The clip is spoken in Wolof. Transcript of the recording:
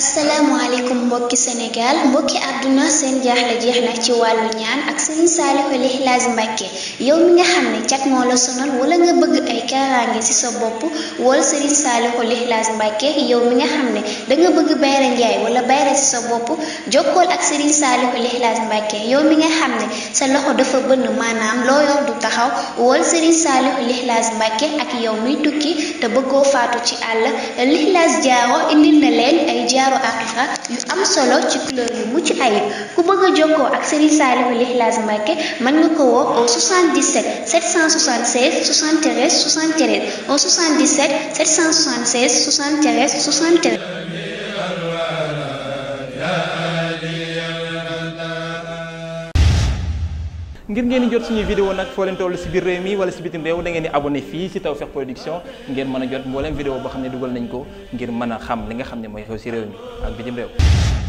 asalaamaaleykum mbokki Sénégal mbokki àdduna seen jaaxle jeex na ci wàllu ñaan ak Serigne Saliou Likhlass Mbacké yow mi nga xam ne cat moo la sonal wala nga bëgg ay kaaraange ci sa bopp wol Serigne Saliou Likhlass Mbacké yow mi nga xam ne da bëgg bayra njaay wala bayra xees sa bopp jokkool ak Serigne Saliou Likhlass Mbacké yow mi nga xam ne sa loxo dafa bënn maanaam loo yor du taxaw wool Serigne Saliou Likhlass Mbacké ak yow muy tukki te bëggoo faatu ci àll Likhlass jaaro indil na leen ay jaaro aqiqa yu am solo ci couleur yu mucc ayib ku bëgg a jokkoo ak Serigne Saliou Likhlass Mbacké mën nga ko woo au 77 776 73 73 au 77 776 73 73 ngir ngeen di jot suñu vidéo nag foo leen toll si biir réew mi wala si bitim réew da ngeen di abonné fii si Tawfekh Production ngeen mën a jot mbooleem vidéo boo xam ne dugal nañ ko ngir mën a xam li nga xam ne mooy xew si réew mi ak bitim réew